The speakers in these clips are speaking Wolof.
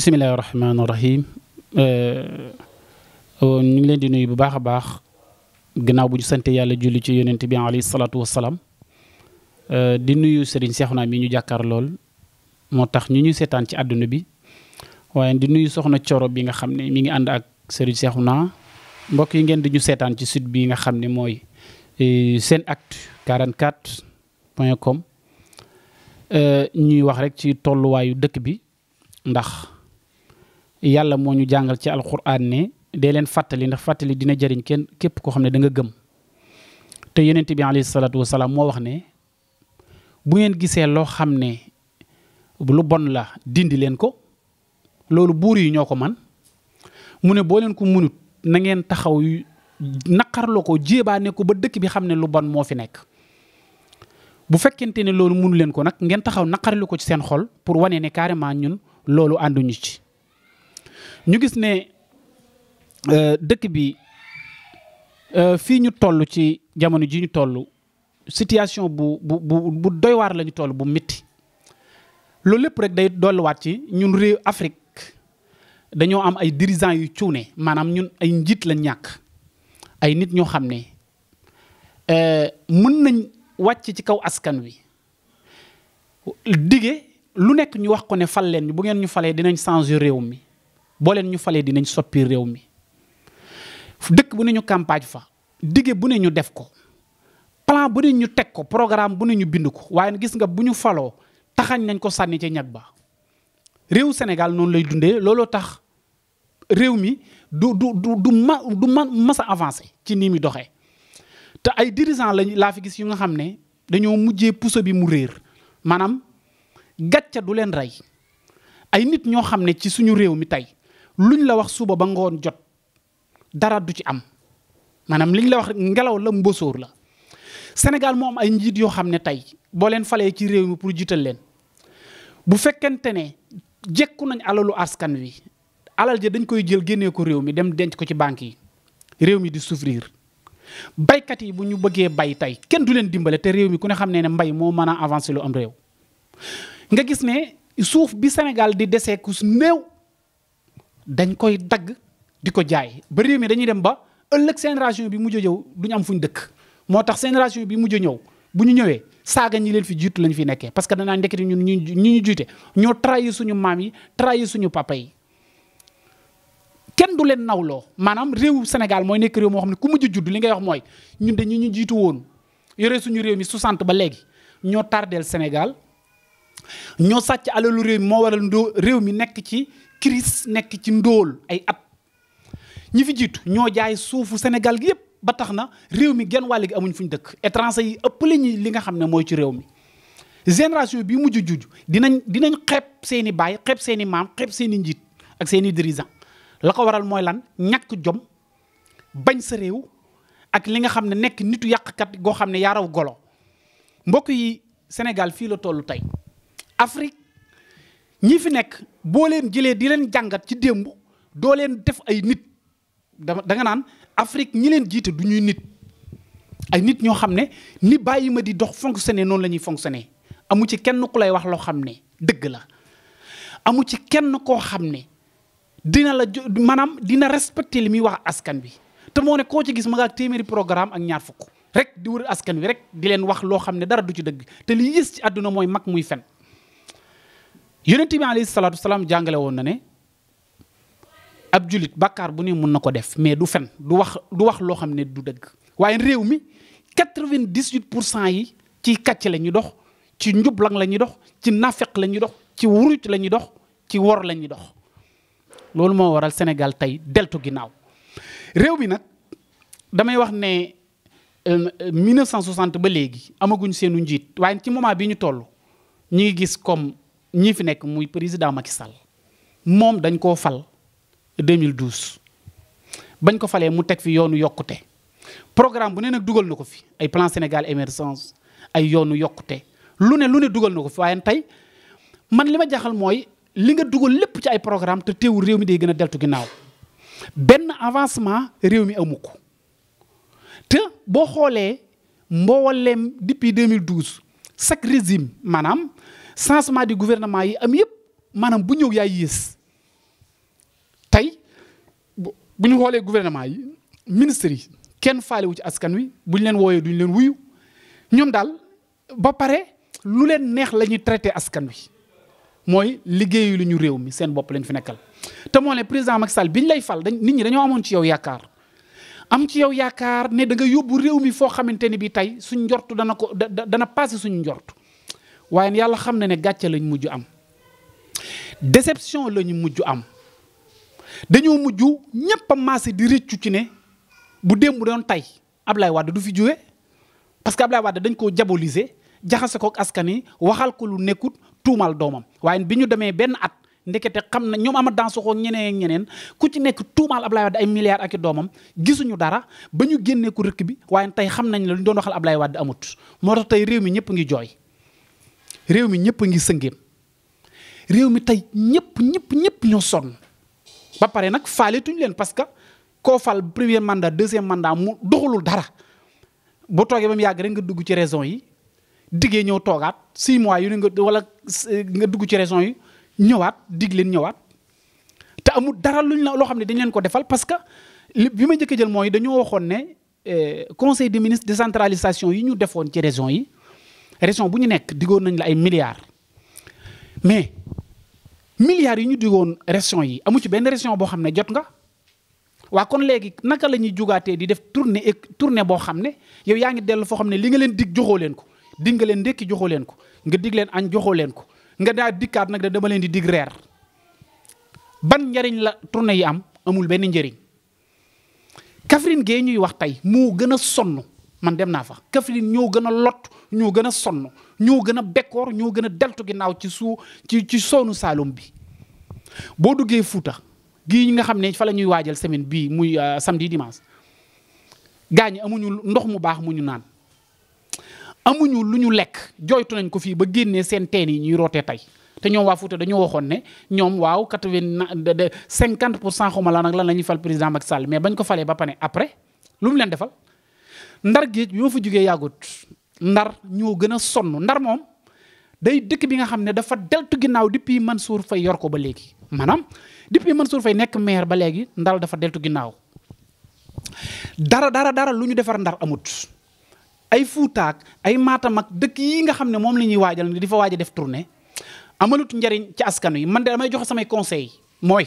bisimilah rahmaani rahim euh, euh, ñu ngi leen di nuyu bu baax a baax gannaaw bu ñu sant yàlla julli ci yonent bi alayhi salaatu wasalaam euh, di nuyu Serigne Cheikhouna mi ñu jàkkaar moo tax ñu ñuy seetaan ci àdduna bi waaye di nuyu soxna Coro bi nga xam ne mi ngi ànd ak Serigne Cheikhouna mbokk yi ngeen di ñu seetaan ci site bi nga xam ne mooy SENactu 44 point com ñuy wax rek ci tolluwaayu dëkk bi ndax. yàlla moo ñu jàngal ci alquran ne dee leen fàttali ndax fàttali dina jariñ kenn képp koo xam ne danga nga gëm te yonent bi alayhi salaatu wasalaam moo wax ne bu ngeen gisee loo xam ne lu bon la dindi leen ko loolu buur yi ñoo ko man mu ne boo leen ko munut na ngeen taxaw naqarloo ko jéebaane ko ba dëkk bi xam ne lu bon moo fi nekk bu fekkente ne loolu munu leen ko nag ngeen taxaw naqarlu ko ci seen xol pour wane ne carrément ñun loolu ànduñu ci ñu gis ne euh, dëkk bi euh, fii ñu toll ci jamono ji ñu toll situation bu bu bu bu doy waar toll bu métti loolu lépp rek day dolluwaat ci ñun réew Afrique dañoo am ay dirigeants yu cuune maanaam ñun ay njiit lañ ñàkk ay nit ñoo xam ne euh, mën nañ wàcc ci kaw askan wi dige lu nekk ñu wax ko ne fal leen bu ngeen ñu falee dinañ changer réew mi boo leen ñu falee dinañ soppi réew mi dëkk bu ne ñu campagne fa dige bu ne ñu def ko plan bu ne ñu teg ko programme bu ne ñu bind ko waaye gis nga bu ñu faloo taxañ nañ ko sànni ci ñag ba réew Sénégal noonu lay dundee looloo tax réew mi du du du ma du ma mas avancé ci nii mi doxee te ay dirigeants lañ laa fi gis yu nga xam ne dañoo mujjee puso bi mu réer maanaam gàcca du leen rey ay nit ñoo xam ne ci suñu réew mi tey luñ la wax suba ba ngoon jot dara du ci am maanaam liñ la wax ngelaw la mbosóor la Sénégal moo am ay njiit yoo xam ne tey boo leen falee ci réew mi pour jiital leen bu fekkente ne jekku nañ alalu askan wi alal ja dañ koy jël génnee ko réew mi dem denc ko ci banque yi réew mi di souffrir baykat yi bu ñu bëggee bay tey kenn du leen dimbale te réew mi ku ne xam ne ne mbay moo mën a avancer lu am réew nga gis ne suuf bi Sénégal di desee ku néew dañ koy dagg di ko jaay ba réew mi dañuy dem ba ëllëg génération bi mujj a ñëw duñu am fu ñu dëkk moo tax génération bi mujj ñëw bu ñu ñëwee saaga ñi leen fi jiitu lañ fi nekkee parce que danaa ndekkete ñun ñu ñu ñu jiite ñoo trahir suñu maam yi trahir suñu papa yi kenn du leen nawloo maanaam réewu Sénégal mooy nekk réew moo xam ne ku mujj judd li ngay wax mooy ñun de ñu ñu jiitu woon yore suñu réew mi su sant ba léegi ñoo tardeel Sénégal ñoo sàcc alalu réew mi moo waral ndoo réew mi nekk ci kiris nekk ci ndóol ay at ñi fi jiitu ñoo jaay suufu Sénégal gi yëpp ba tax na réew mi genn wàll gi amuñ ñu dëkk étranger yi ëpp la li nga xam ne mooy ci réew mi génération bi mujj juju dinañ dinañ xeeb seen baay xeeb seen i maam xeeb njiit ak seen i la ko waral mooy lan ñàkk jom bañ sa réew ak li nga xam ne nekk nitu yàqkat goo xam ne yaa raw golo mbokk yi Sénégal fii la tollu tey Afrique ñi fi nekk boo leen jëlee di leen jàngat ci démb doo leen def ay nit da nga naan Afrique ñi leen jiite du ñuy nit ay nit ñoo xam ne ni bàyyi ma di dox fonctionner noonu la ñuy fonctionner amu ci kenn ku lay wax loo xam ne dëgg la amu ci kenn koo xam ne dina la jo maanaam dina respecter li muy wax askan bi te moo ne koo ci gis ma nga ak téeméeri programme ak ñaar fukk rek di wër askan wi rek di leen wax loo xam ne dara du ci dëgg te li yës ci àdduna mooy mag muy fen yonent bi alayhi salaatu salaam jàngale woon na ne ab julit bàkkaar bu ne mun na ko def mais du fen du wax du wax loo xam ne du dëgg waaye réew mi 98 pour cent yi ci kàcc la ñuy dox ci njublang la ñuy dox ci nafeq la ñuy dox ci wuruj la ñuy dox ci wor lañuy dox loolu moo waral Sénégal tey deltu ginnaaw réew mi nag damay wax ne 1960 euh, ba léegi amaguñ seenu njiit waaye ci moment bi ñu toll ñu ngi gis comme ñi fi nekk muy président Macky Sall moom dañ koo fal 2012 bañ ko falee mu teg fi yoonu yokkute programme bu ne nag dugal na ko fi ay plan Sénégal émergence ay yoonu yokkute lu ne lu ne dugal na ko fi waaye tey man li ma jaxal mooy li nga dugal lépp ci ay programme te teewul réew mi day gën a deltu ginnaaw benn avancement réew mi amu ko te boo xoolee mbooleem depuis 2012 chaque régime maanaam changement du gouvernement yi am yëpp maanaam bu ñëw yaay yées tey bu ñu xoolee gouvernement yi ministres yi kenn faalewu ci askan wi bu ñu leen wooyee duñu leen wuyu ñoom daal ba pare lu leen neex la ñuy traité askan wi mooy liggéeyu lu ñu réew mi seen bopp lañ fi nekkal te moo ne président Macky Sall bi ñu lay fal dañ nit ñi dañoo amoon ci yow yaakaar am ci yow yaakaar ne da nga yóbbu réew mi foo xamante ni bii tey suñ njort dana ko dana passé suñu njort waaye yàlla xam na ne gàcce lañ mujj am déception lañu mujj am dañoo mujj ñépp a maase di rëccu ci ne bu bu doon tey Ablaye Wade du fi juwe parce que Ablaye Wade dañ koo diaboliser jaxase ko ak askan yi waxal ko lu nekkut tuumal doomam waaye bi ñu demee benn at ndekete xam na ñoom am a ama dansuxoo ñeneen ñeneen ku ci nekk tuumaal Ablaye Wade ay milliards ak i doomam gisuñu dara ba ñu génnee ko rëkk bi waaye tey xam nañ la lu ñu doon waxal Ablaye Wade amut moo tax tey réew mi ñëpp ngi jooy réew mi ñëpp a ngi sëngéem réew mi tey ñëpp ñëpp ñëpp ñoo sonn ba pare nag faaletuñ leen parce que koo fal premier mandat deuxième mandat mu doxalul dara boo toogee ba mu yàgg rek nga dugg ci raison yi diggee ñëw toogaat six mois yu ne nga wala nga dugg ci raison yi ñëwaat digleen ñëwaat te amul dara luñ la loo xam ne dañ leen ko defal parce que li bi ma njëkk a jël mooy dañoo waxoon ne eh, conseil des ministres décentralisation yi ñu defoon ci raison yi région bu ñu nekk diggoon nañ la ay milliards mais milliards yi ñu diggoon région yi amu ci benn région boo xam ne jot nga waa kon léegi naka la ñuy jugaatee di def tournée ek tournée boo xam ne yow yaa ngi dellu foo xam ne li nga leen dig joxoo leen ko dig nga leen ndékki joxoo leen ko nga dig leen añ joxoo leen ko nga daa dikkaat nag dama leen di dig reer ban njariñ la tournée yi am amul benn njëriñ Kaffrine gee ñuy wax tey moo gën a sonn man dem naa fa Kaffrine ñoo gën a lot ñoo gën a sonn ñoo gën a bekkoor ñoo gën a deltu ginaaw ci suu ci ci soonu Saalum bi boo duggee Fuuta gii ñi nga xam ne fa la ñuy waajal semaine bii muy euh, samedi dimanche gaa ñi amuñul ndox mu baax mu ñu naan amuñu lu ñu lekk jooytu nañ ko fii ba génnee seen teen yi ñuy rootee tey te ñoom waa Fuuta dañoo waxoon ne ñoom waaw quatre-vingt-cinquante pour cent xuma la nag lan la ñuy fal président Macky Sall mais bañ ko falee ba pare après lu leen defal ndar géej yoo fa jógee yàggut ndar ñoo gën a sonn ndar moom day dëkk bi nga xam ne dafa deltu ginnaaw depuis Mansour Faye yor ko ba léegi maanaam depuis Mansour fay nekk maire ba léegi ndar dafa deltu ginnaaw dara dara dara lu ñu defar ndar amut ay fuutaak ay maatam ak dëkk yi nga xam ne moom la ñuy waajal di fa waaj a def tournée amalut njariñ ci askan wi man de damay joxe samay conseil mooy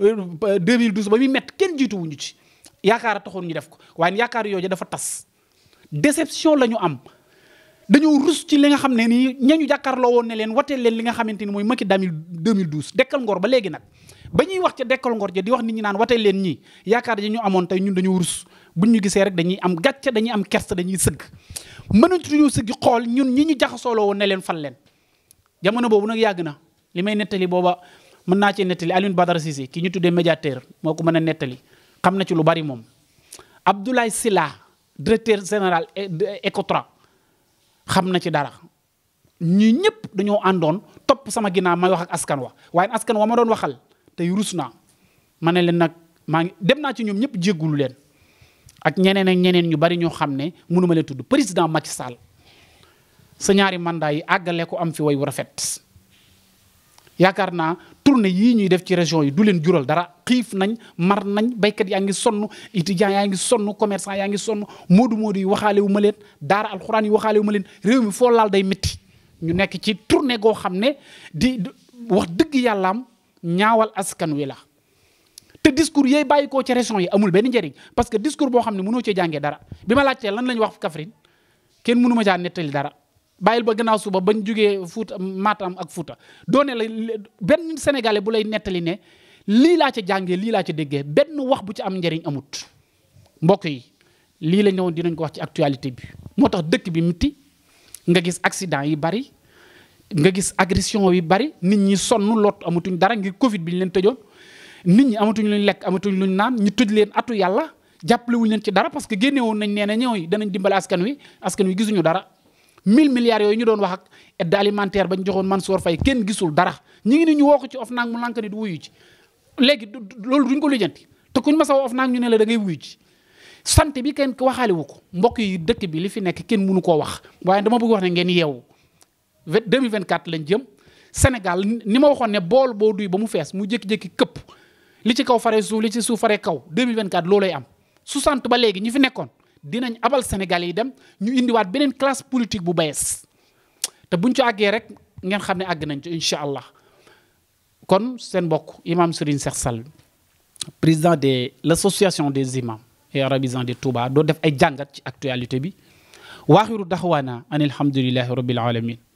2012 ba muy métti kenn jiitu wuñu ci yaakaar a taxoon ñu def ko waaye yaakaar yooyu dafa tas déception la ñu am dañoo rus ci li nga xam ne nii ñu jàkkaarloo woon ne leen watee leen nga xamante ni mooy Macky 2012 dekkal ngor ba léegi nag ba ñuy wax ca dekkal ngor ja di wax nit ñi naan watee leen ñii yaakaar ja ñu amoon tey ñun dañoo rus bu ñu gisee rek dañuy am gàcce dañuy am kersa dañuy sëgg mënatuñu sëgg xool ñun ñi ñu jaxasooloo woon ne leen fal leen jamono boobu nag yàgg na li may nettali booba mën naa ci nettali Alioune Badar Cissé ki ñu tuddee médiateur moo ko mën a nettali xam na ci lu bari moom Abdoulaye Sylla directeur général e-, Ecotra xam na ci dara ñi ñëpp dañoo àndoon topp sama ginnaaw may wax ak askan wa waaye askan wa ma doon waxal te rus naa ma ne leen nag maa ngi dem naa ci ñoom ñëpp jéggulu leen ak ñeneen ak ñeneen ñu bari ñoo xam ne mënuma leen tudd président Macky Sall sa ñaari mandat yi ko am fi way wu rafet yaakaar naa tournée yii ñuy def ci région yi du leen jural dara xiif nañ mar nañ baykat yaa ngi sonn étudiant yaa ngi sonn commercant yaa ngi sonn moodu moodu yi waxaale wu ma leen daara alxuraan yi waxaale wu ma leen réew mi foo laal day métti ñu nekk ci tournée goo xam ne di wax dëgg yàllaam ñaawal askan wi la te discours yay bàyyi koo ci région yi amul benn njëriñ parce que discours boo xam ne munoo cee jàngee dara bi ma laajtee lan lañ wax Kaffrine kenn mënu caa nettali dara bàyyil ba gannaaw suba bañ jógee Fuuta maatam ak Fuuta doone la benn sénégalais bu lay nettali ne lii laa ci jàngee lii laa ci déggee benn wax bu ci am njariñ amut mbokk yi lii la ñëwoon dinañ ko wax ci actualité bi moo tax dëkk bi miti nga gis accident yi bari nga gis agression yi bari nit ñi sonn lot amatuñ dara ngir covid bi ñu leen tëjoon nit ñi amatuñ luñ lekk amatuñ luñ naan ñu tëj leen atu yàlla jàppalewuñ leen ci dara parce que génnewoon nañ nee na ñëw yi danañ dimbale askan wi askan wi gisuñu dara mill milliards yooyu ñu doon wax ak aide alimentaire ba ñu joxoon Mansour fay kenn gisul dara ñu ngi ni ñu woo ko ci OFNAC mu lànk ni du wuyu ci léegi loolu duñ ko lijjanti te kuñ ma sa woo OFNAC ñu ne la da ngay wuyu ci sant bi kenn waxaale wu ko mbokk yi dëkk bi li fi nekk kenn mënu koo wax waaye dama bëgg wax ne ngeen yeewu 2024 lañ jëm Sénégal ni ma waxoon ne bool boo duy ba mu fees mu jékki-jékki këpp li ci kaw fare suuf li ci suuf fare kaw 2024 loolay am 60 ba léegi ñi fi nekkoon dinañ abal Sénégal yi dem ñu indiwaat beneen classe politique bu bees te buñ ci àggee rek ngeen xam ne àgg nañ ci incha allah kon seen mbokk imam Serigne Cheikh sal président de l' association des imams et de Touba doo def ay jàngat ci actualité bi waaxiru daxwaana an alhamdulillahi rabbil alamin